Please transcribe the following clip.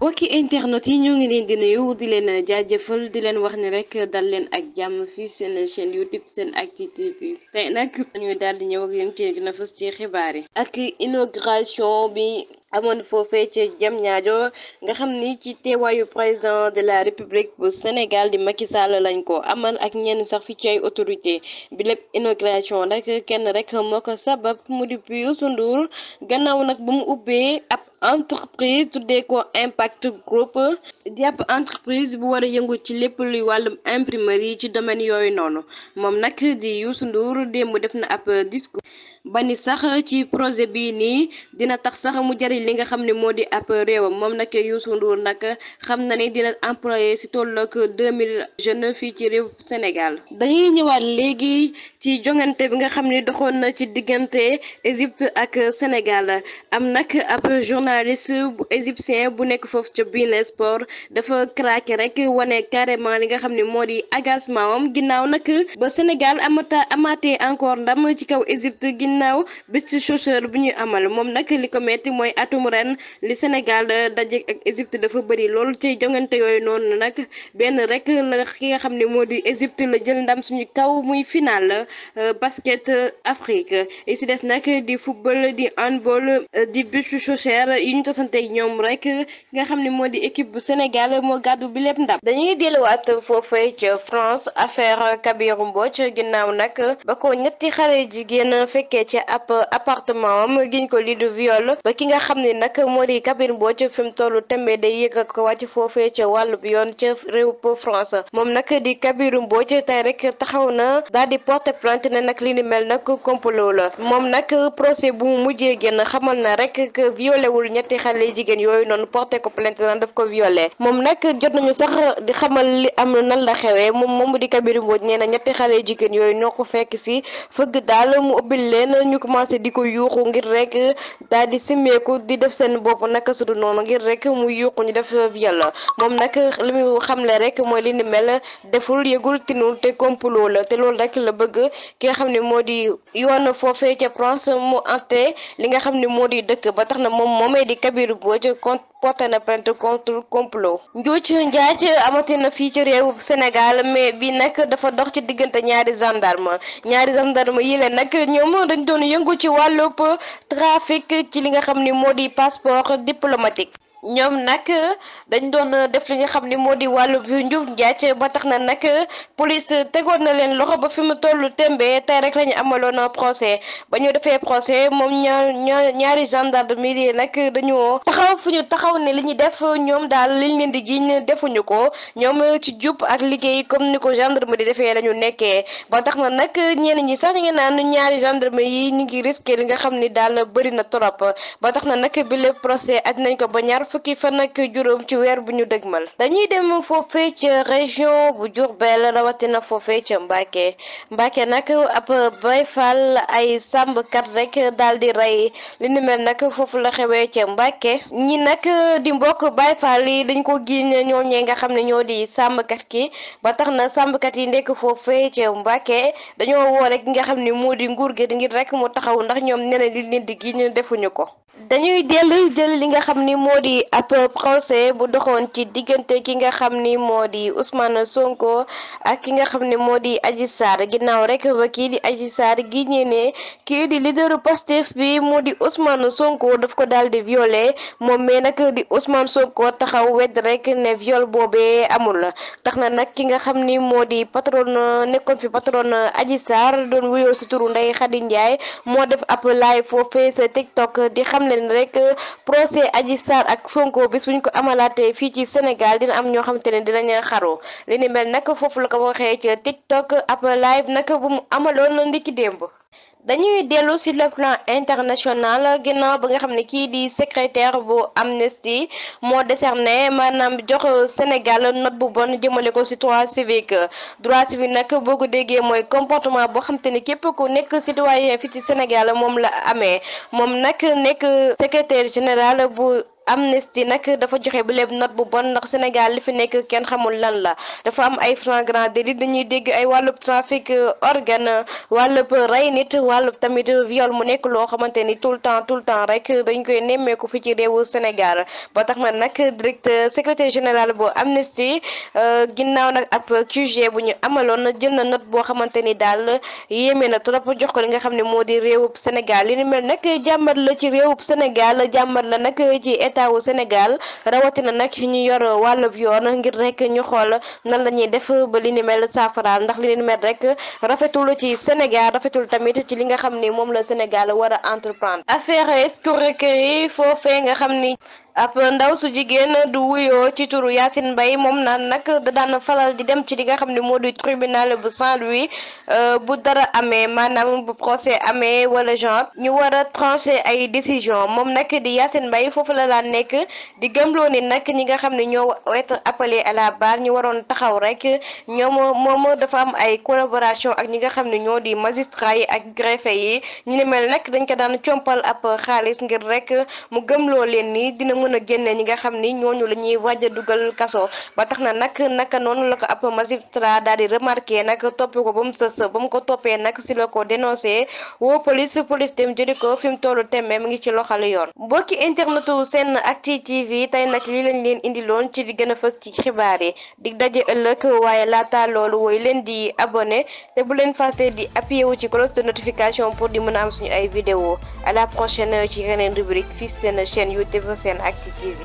mbokki internet yi ñoo ngi leen di yow di leen jaajëfal di leen wax ni rek dal leen ak jàmm fii seen chaîne youtube seen acti nag dañuy daal di ñëw ak yéen ci gën a ci xibaar yi ak inauguration bi amoon foofee ci jam ñaajo nga xam ni ci teewaayu président de la république bu Sénégal di Macky Sall lañ ko amal ak ñenn sax fi ci autorité bi lépp inauguration nag kenn rek moo ko sabab mu di Youssou Ndour gannaaw nag bu mu ubbee entreprise dee ko impact group di ab entreprise bu war a yëngu ci lépp luy wàllum imprimerie ci domaine yooyu noonu moom nag di Youssou Ndour démb def na ab discours ba ni sax ci projet bii nii dina tax sax mu jariñ li nga xam ne moo di ab réewam moom nag Youssou Ndour nag xam na ni dina employé si tolloog 2000 jeunes fii ci réew Sénégal dañuy ñëwaat léegi ci jongante bi nga xam ne doxoon na ci diggante Égypte ak Sénégal am nag ab journaliste égyptien bu nekk foofu ca Bein Sport dafa craqué rek wane carrément li nga xam ni moo di agasement am ginnaaw nag ba Sénégal amata encore ndam ci kaw Égypte ginnaaw beach soccer bu ñuy amal moom nag li ko metti mooy atum ren li Sénégal daje ak Égypte dafa bëri loolu ci jongante yooyu noonu nag benn rek la ki nga xam ne moo di Égypte la jël ndam suñu kaw muy final euh, basket Afrique si des nag di football di handball euh, di beach soccer yi ñu tasante ñoom rek nga xam ne moo di équipe bu Sénégal moo gàddu bi lépp ndam dañuy delluwaat foofee ca France affaire Kabirou Mbodj ginnaaw nag ba ko ñetti xale jigéen fekkee ci ab appartement am giñ ko lii du viol ba ki nga xam ne nag moo di Kabir boo fi mu tollu tembe day yëg ak wàcc foofee ca wàllub yoon ca réew po France moom nag di Kabir Mbodj tey rek taxaw na daal di porter plainte ne nag li ni mel nag complot la moom nag procès bu mu mujjee génn xamal na rek que violé wul ñetti xale jigéen yooyu noonu porté ko plainte naan daf ko violé moom nag jot nañu sax xamal li am na la xewee moom moom di Kabir Mbodj nee na jigéen yooyu ñoo ko benn ñu commencé di ko yuuxu ngir rek daal di simmeeku di def seen bopp naka su dul noonu ngir rek mu yuuxu ñu def yàlla moom nag li mu xamle rek mooy li ni mel deful yëgul tinul te complot la te loolu rek la bëgg ki nga xam ne moo di yoon foofee ca France mu ante li nga xam ne moo di dëkk ba tax na moom moo moomee di Kabir Mbodj porté na plainte contre complot njuuj njaaj amati na fii ci réewu Sénégal mais bi nag dafa dox ci diggante ñaari gendarme ñaari gendarme yi leen nag ñoom dañ doon yëngu ci wàllub trafic ci li nga xam ni moo di passeport diplomatique ñoom nag dañ doon euh, def li xam ni moo di wàll bi njub njaac ba tax na nag police tegoon na leen loxo ba fi mu tollu tembe te rek la ñu amaloon procès ba ñu defee procès moom ñaar ñaari gendarmerie nag dañu taxaw fu ñu taxaw ne li ñu def ñoom daal liñ leen di giñ defuñu ko ñoom ci jub ak liggéey comme ni ko ma di defee la nekkee ba tax na nag ñeen ñi sax ñu ngi naan ñaari gendarmerie yi ñu ngi risqué li nga xam ni daal bëri na trop ba tax na nag bi lépp procès aj nañ ko ba ñaar fukki fan ak juróom ci weer bu ñu dëgmal dañuy dem foofee ca région bu jur Diourbel rawatina foofee ca Mbacke Mbacke nag ab Baay Faal ay sambkat rek daal di rey li ni mel nag foofu la xewee ca Mbacke ñi nag di mbokk Baay Faal yi dañ ko giiñ ñoo ñee nga xam ne ñoo di sàmmkat ki ba tax na sàmmkat yi ndekk foofee ca Mbacke dañoo woo rek nga xam ni moo di nguur gi ngir rek mu taxaw ndax ñoom nee na li leen di giiñ defuñu ko dañuy dellu jël li nga xam ni moo di ab procès bu doxoon ci diggante ki nga xam ni moo di Ousmane Sonko ak ki nga xam ne moo di Adji Sarr ginnaaw rek ba kii di Adji Sarr gi ñeenee kii di leaderu Pastef bi moo di Ousmane Sonko daf ko daal di violé moom mais nag di Ousmane Sonko taxaw wedd rek ne viol boobee amul tax na nag ki nga xam ni moo di patron nekkoon fi patron Adji Sarr doon wuyoo si turu Ndeye Khady Ndiaye moo def ab live foofee sa TikTok di xam ne ne rek procès Adji Sarr ak Sonko bis bu ñu ko amalaatee fii ci Sénégal dina am ñoo xamante ne dinañ leen xaru li ni mel nag foofu la ko waxee ci TikTok ab live nag bu mu amaloon ndiki démb dañuy dellu sur le plan international ginnaaw ba nga xam ne kii di secrétaire bu Amnesty moo décerné maanaam jox Sénégal note bu bon jëmale ko ci droit civique droit civique nag boo ko déggee mooy comportement boo xam te ni képp ku nekk citoyen fii ci Sénégal moom la amee moom nag nekk secrétaire général bu. Amnesty nag dafa joxe bu léeb not bu bon ndax Sénégal li fi nekk kenn xamul lan la dafa am ay flagrant délit dañuy dégg ay wàllub trafic euh, organe wàllub rey nit wàllub tamit viole mu nekk loo xamante ni tout le temps tout le temps rek dañ koy nemmeeku fi ci réewu Sénégal boo tax na nag directeur secrétaire général bu Amnesty euh, ginnaaw nag ab QG bu ñu amaloon jël na not boo xamante ni daal yéeme na trop jox ko li nga xam ne moo di réewub Sénégal li ni mel nag jàmbat la ci réewub Sénégal jàmbat la nag état wu Sénégal rawatina nag ñu yor wàllub yoon ngir rek ñu xool nan la ñuy def ba li ni mel saafaraal ndax li ni rek rafetul ci Sénégal rafetul tamit ci li nga xam ni moom la Sénégal war a entreprendre affaire escroquerie foofee nga xam ni ab ndaw su jigéen du wuyoo ci turu yasin mbay moom naan nag da daan falal di dem ci li nga xam ne moo di tribunal bu Saint-Louis euh, bu dara amee maanaam bu procès amee wala genre ñu war a ay décision moom nag nekk di gëm loo ni nag ñi nga xam ne ñoo être appelé à la barre ñu waroon taxaw rek ñoom moom dafa am ay collaboration ak ñi nga xam ne ñoo di magistrat yi ak greffe yi ñu ne mel nag dañ ko daan compal ab xaalis ngir rek mu gëmloo leen ni dina mën a génne ñi nga xam ni ñooñu la ñuy waaj dugal kaso ba tax na nag naka noonu la ko ab magistrat daal di remarqué nag topp ko ba mu sës ba mu ko toppee nag si la ko dénoncé woo police police dem jëli ko fi mu tollu temme mu ngi ci loxol yoon mbokki internetu seen seen Actu TV tey nag li lañ leen indiloon ci di gën a fës ci xibaar yi di daje ëllëg waaye laata loolu woy leen di abonné te bu leen fàtte di appuyé wu ci cloche de notification pour di mën a am suñu ay vidéo à la prochaine ci yeneen rubrique fii seen chaîne yu seen Actu TV